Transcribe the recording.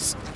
Thanks.